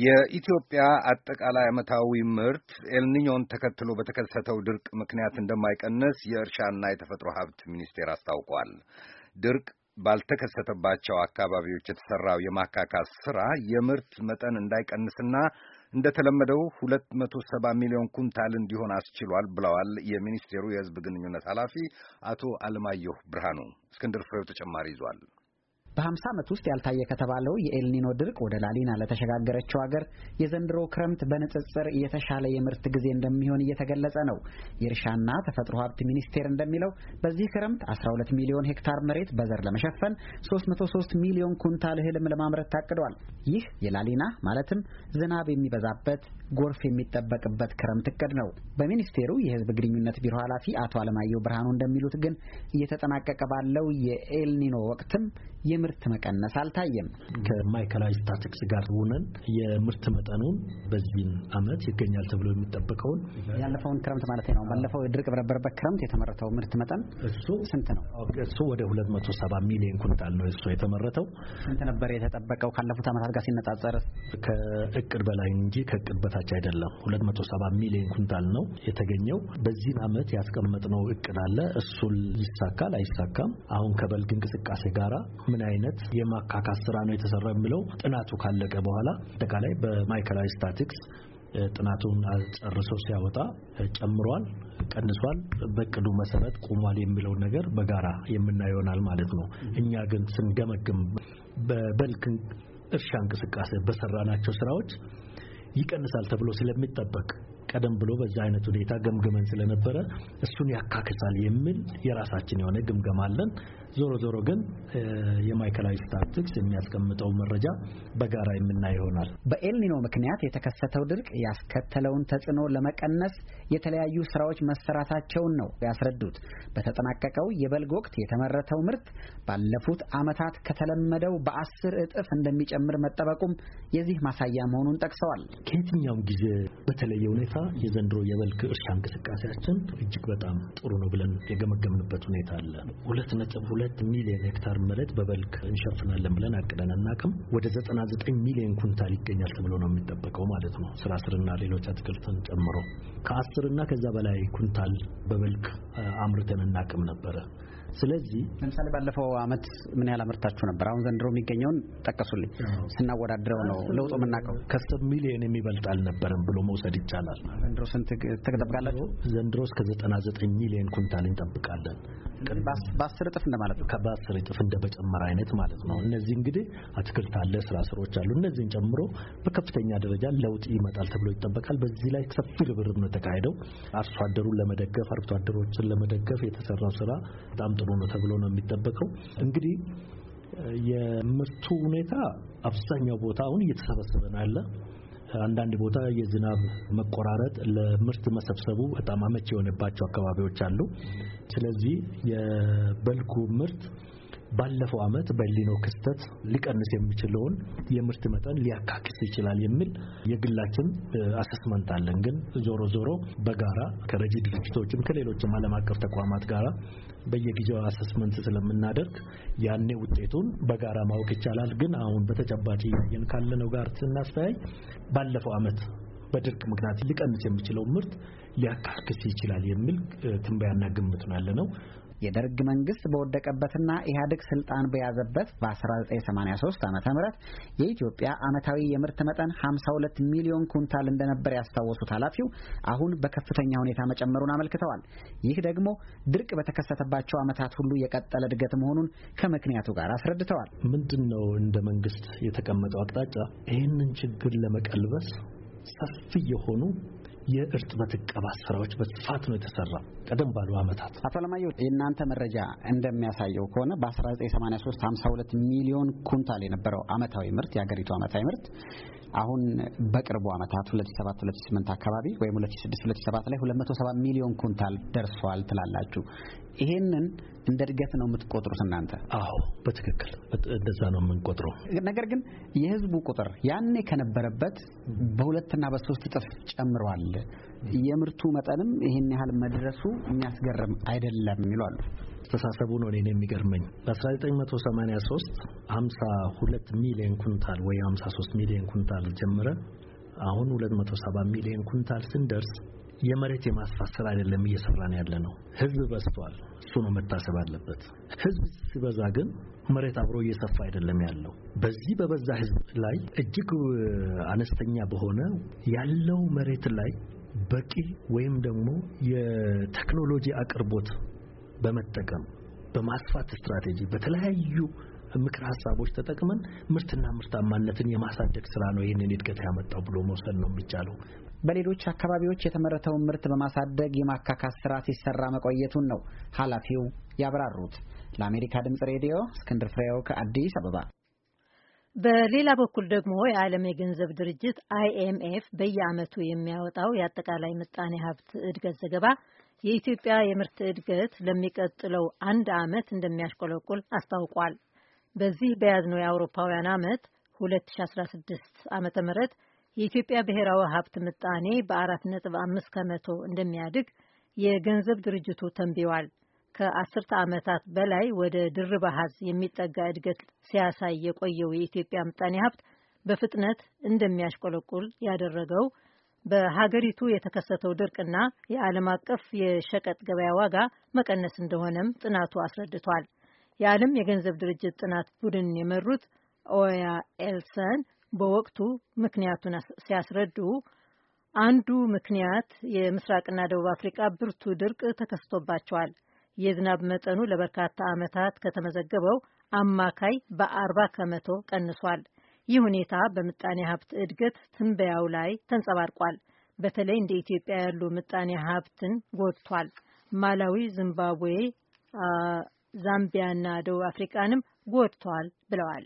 የኢትዮጵያ አጠቃላይ ዓመታዊ ምርት ኤልኒኞን ተከትሎ በተከሰተው ድርቅ ምክንያት እንደማይቀንስ የእርሻና የተፈጥሮ ሀብት ሚኒስቴር አስታውቋል። ድርቅ ባልተከሰተባቸው አካባቢዎች የተሰራው የማካካስ ስራ የምርት መጠን እንዳይቀንስና እንደተለመደው 270 ሚሊዮን ኩንታል እንዲሆን አስችሏል ብለዋል የሚኒስቴሩ የሕዝብ ግንኙነት ኃላፊ አቶ አለማየሁ ብርሃኑ። እስክንድር ፍሬው ተጨማሪ ይዟል። በ50 ዓመት ውስጥ ያልታየ ከተባለው የኤልኒኖ ድርቅ ወደ ላሊና ለተሸጋገረችው ሀገር የዘንድሮ ክረምት በንጽጽር የተሻለ የምርት ጊዜ እንደሚሆን እየተገለጸ ነው። የእርሻና ተፈጥሮ ሀብት ሚኒስቴር እንደሚለው በዚህ ክረምት 12 ሚሊዮን ሄክታር መሬት በዘር ለመሸፈን 303 ሚሊዮን ኩንታል እህልም ለማምረት ታቅዷል። ይህ የላሊና ማለትም ዝናብ የሚበዛበት ጎርፍ የሚጠበቅበት ክረምት እቅድ ነው። በሚኒስቴሩ የህዝብ ግንኙነት ቢሮ ኃላፊ አቶ አለማየሁ ብርሃኑ እንደሚሉት ግን እየተጠናቀቀ ባለው የኤልኒኖ ወቅትም የምርት መቀነስ አልታየም። ከማይከላይ ስታቲክስ ጋር ሆነን የምርት መጠኑን በዚህ አመት ይገኛል ተብሎ የሚጠበቀውን ያለፈውን ክረምት ማለት ነው። ባለፈው ድርቅ በነበረበት ክረምት የተመረተው ምርት መጠን እሱ ስንት ነው? እሱ ወደ 270 ሚሊዮን ኩንታል ነው እሱ የተመረተው። ስንት ነበር የተጠበቀው? ካለፉት አመታት ጋር ሲነጻጸር ከእቅድ በላይ እንጂ ከእቅድ በታች አይደለም። 270 ሚሊዮን ኩንታል ነው የተገኘው። በዚህ አመት ያስቀመጥነው እቅድ አለ። እሱ ይሳካል አይሳካም አሁን ከበልግ እንቅስቃሴ ጋራ ምን አይነት የማካካስ ስራ ነው የተሰራ የሚለው ጥናቱ ካለቀ በኋላ አጠቃላይ በማዕከላዊ ስታቲክስ ጥናቱን ጨርሶ ሲያወጣ ጨምሯል፣ ቀንሷል፣ በቅዱ መሰረት ቆሟል የሚለው ነገር በጋራ የምናየው ይሆናል ማለት ነው። እኛ ግን ስንገመግም በበልክ እርሻ እንቅስቃሴ በሰራናቸው ስራዎች ይቀንሳል ተብሎ ስለሚጠበቅ ቀደም ብሎ በዛ አይነት ሁኔታ ገምግመን ስለነበረ እሱን ያካክሳል የሚል የራሳችን የሆነ ግምገማ አለን። ዞሮ ዞሮ ግን የማዕከላዊ ስታትስቲክስ የሚያስቀምጠው መረጃ በጋራ የምናይ ይሆናል። በኤልኒኖ ምክንያት የተከሰተው ድርቅ ያስከተለውን ተጽዕኖ ለመቀነስ የተለያዩ ስራዎች መሰራታቸውን ነው ያስረዱት። በተጠናቀቀው የበልግ ወቅት የተመረተው ምርት ባለፉት ዓመታት ከተለመደው በአስር እጥፍ እንደሚጨምር መጠበቁም የዚህ ማሳያ መሆኑን ጠቅሰዋል። ከየትኛውም ጊዜ በተለየ ሁኔታ የዘንድሮ የበልግ እርሻ እንቅስቃሴያችን እጅግ በጣም ጥሩ ነው ብለን የገመገምንበት ሁኔታ አለ ሁለት ነጥብ ሁለት ሚሊዮን ሄክታር መሬት በበልክ እንሸፍናለን ብለን አቅደን አናቅም። ወደ ዘጠኝ ሚሊዮን ኩንታል ይገኛል ተብሎ ነው የሚጠበቀው ማለት ነው። ስለ ሌሎች አትክልትን ጨምሮ ከአስርና ከዛ በላይ ኩንታል በበልክ አምርተን እናቅም ነበረ። ስለዚህ ለምሳሌ ባለፈው አመት ምን ያህል አምርታችሁ ነበር? አሁን ዘንድሮ የሚገኘውን ጠቀሱልኝ። ስናወዳድረው ነው ለውጡ የምናውቀው። ከአስር ሚሊዮን የሚበልጥ አልነበረም ብሎ መውሰድ ይቻላል። ዘንድሮ ስንት ትጠብቃላችሁ? ዘንድሮ እስከ ዘጠኝ ሚሊዮን ኩንታል እንጠብቃለን። በአስር እጥፍ እንደማለት ነው። በአስር እጥፍ እንደ አይነት ማለት ነው። እነዚህ እንግዲህ አትክልት አለ፣ ስራ ስሮች አሉ። እነዚህን ጨምሮ በከፍተኛ ደረጃ ለውጥ ይመጣል ተብሎ ይጠበቃል። በዚህ ላይ ሰፊ ርብርብ ነው የተካሄደው። አርሶ አደሩን ለመደገፍ አርብቶ አደሮችን ለመደገፍ የተሰራው ስራ በጣም ጥሩ ነው ተብሎ ነው የሚጠበቀው እንግዲህ የምርቱ ሁኔታ አብዛኛው ቦታ አሁን እየተሰበሰበ ነው ያለ አንዳንድ ቦታ የዝናብ መቆራረጥ ለምርት መሰብሰቡ በጣም አመቺ የሆነባቸው አካባቢዎች አሉ። ስለዚህ የበልኩ ምርት ባለፈው ዓመት በሊኖ ክስተት ሊቀንስ የሚችለውን የምርት መጠን ሊያካክስ ይችላል የሚል የግላችን አሰስመንት አለን። ግን ዞሮ ዞሮ በጋራ ከረጂ ድርጅቶችም ከሌሎችም ዓለም አቀፍ ተቋማት ጋራ በየጊዜው አሰስመንት ስለምናደርግ ያኔ ውጤቱን በጋራ ማወቅ ይቻላል። ግን አሁን በተጨባጭ እያየን ካለነው ጋር ስናስተያይ ባለፈው ዓመት በድርቅ ምክንያት ሊቀንስ የሚችለው ምርት ሊያካክስ ይችላል የሚል ትንበያና ግምት ነው ያለነው። የደርግ መንግስት በወደቀበትና ኢህአዴግ ስልጣን በያዘበት በ1983 ዓ ም የኢትዮጵያ ዓመታዊ የምርት መጠን 52 ሚሊዮን ኩንታል እንደነበር ያስታወሱት ኃላፊው አሁን በከፍተኛ ሁኔታ መጨመሩን አመልክተዋል። ይህ ደግሞ ድርቅ በተከሰተባቸው ዓመታት ሁሉ የቀጠለ እድገት መሆኑን ከምክንያቱ ጋር አስረድተዋል። ምንድን ነው እንደ መንግስት የተቀመጠው አቅጣጫ? ይህንን ችግር ለመቀልበስ ሰፊ የሆኑ የእርጥበት ዕቀባ ስራዎች በስፋት ነው የተሰራው ቀደም ባሉ ዓመታት። አቶ አለማየሁ የእናንተ መረጃ እንደሚያሳየው ከሆነ በ1983 52 ሚሊዮን ኩንታል የነበረው አመታዊ ምርት የሀገሪቱ ዓመታዊ ምርት አሁን በቅርቡ ዓመታት 2007 2008 አካባቢ ወይም 2006 2007 ላይ 270 ሚሊዮን ኩንታል ደርሷል ትላላችሁ። ይሄንን እንደ እድገት ነው የምትቆጥሩት እናንተ? አዎ በትክክል እንደዛ ነው የምንቆጥረው። ነገር ግን የህዝቡ ቁጥር ያኔ ከነበረበት በሁለትና በሶስት እጥፍ ጨምሯል። የምርቱ መጠንም ይህን ያህል መድረሱ የሚያስገርም አይደለም ይሏሉ። አስተሳሰቡ ነው እኔ የሚገርመኝ። በ1983 52 ሚሊዮን ኩንታል ወይ 53 ሚሊዮን ኩንታል ጀምረን አሁን 270 ሚሊዮን ኩንታል ስንደርስ የመሬት የማስፋት ስራ አይደለም እየሰራን ያለ ነው። ህዝብ በዝቷል። እሱ ነው መታሰብ አለበት። ህዝብ ሲበዛ ግን መሬት አብሮ እየሰፋ አይደለም ያለው። በዚህ በበዛ ህዝብ ላይ እጅግ አነስተኛ በሆነ ያለው መሬት ላይ በቂ ወይም ደግሞ የቴክኖሎጂ አቅርቦት በመጠቀም በማስፋት ስትራቴጂ በተለያዩ ምክር ሀሳቦች ተጠቅመን ምርትና ምርታማነትን የማሳደግ ስራ ነው ይህንን እድገት ያመጣው ብሎ መውሰድ ነው የሚቻለው። በሌሎች አካባቢዎች የተመረተውን ምርት በማሳደግ የማካካስ ስራ ሲሰራ መቆየቱን ነው ኃላፊው ያብራሩት። ለአሜሪካ ድምጽ ሬዲዮ እስክንድር ፍሬው ከአዲስ አበባ። በሌላ በኩል ደግሞ የዓለም የገንዘብ ድርጅት አይኤምኤፍ በየዓመቱ የሚያወጣው የአጠቃላይ ምጣኔ ሀብት እድገት ዘገባ የኢትዮጵያ የምርት እድገት ለሚቀጥለው አንድ ዓመት እንደሚያሽቆለቁል አስታውቋል። በዚህ በያዝነው የአውሮፓውያን ዓመት 2016 ዓም የኢትዮጵያ ብሔራዊ ሀብት ምጣኔ በ4.5 ከመቶ እንደሚያድግ የገንዘብ ድርጅቱ ተንቢዋል። ከአስርተ ዓመታት በላይ ወደ ድርብ አሃዝ የሚጠጋ እድገት ሲያሳይ የቆየው የኢትዮጵያ ምጣኔ ሀብት በፍጥነት እንደሚያሽቆለቁል ያደረገው በሀገሪቱ የተከሰተው ድርቅና የዓለም አቀፍ የሸቀጥ ገበያ ዋጋ መቀነስ እንደሆነም ጥናቱ አስረድቷል። የዓለም የገንዘብ ድርጅት ጥናት ቡድን የመሩት ኦያ ኤልሰን በወቅቱ ምክንያቱን ሲያስረዱ አንዱ ምክንያት የምስራቅና ደቡብ አፍሪቃ ብርቱ ድርቅ ተከስቶባቸዋል። የዝናብ መጠኑ ለበርካታ ዓመታት ከተመዘገበው አማካይ በአርባ ከመቶ ቀንሷል። ይህ ሁኔታ በምጣኔ ሀብት እድገት ትንበያው ላይ ተንጸባርቋል። በተለይ እንደ ኢትዮጵያ ያሉ ምጣኔ ሀብትን ጎድቷል። ማላዊ፣ ዚምባብዌ ዛምቢያና ደቡብ አፍሪቃንም ጎድተዋል ብለዋል።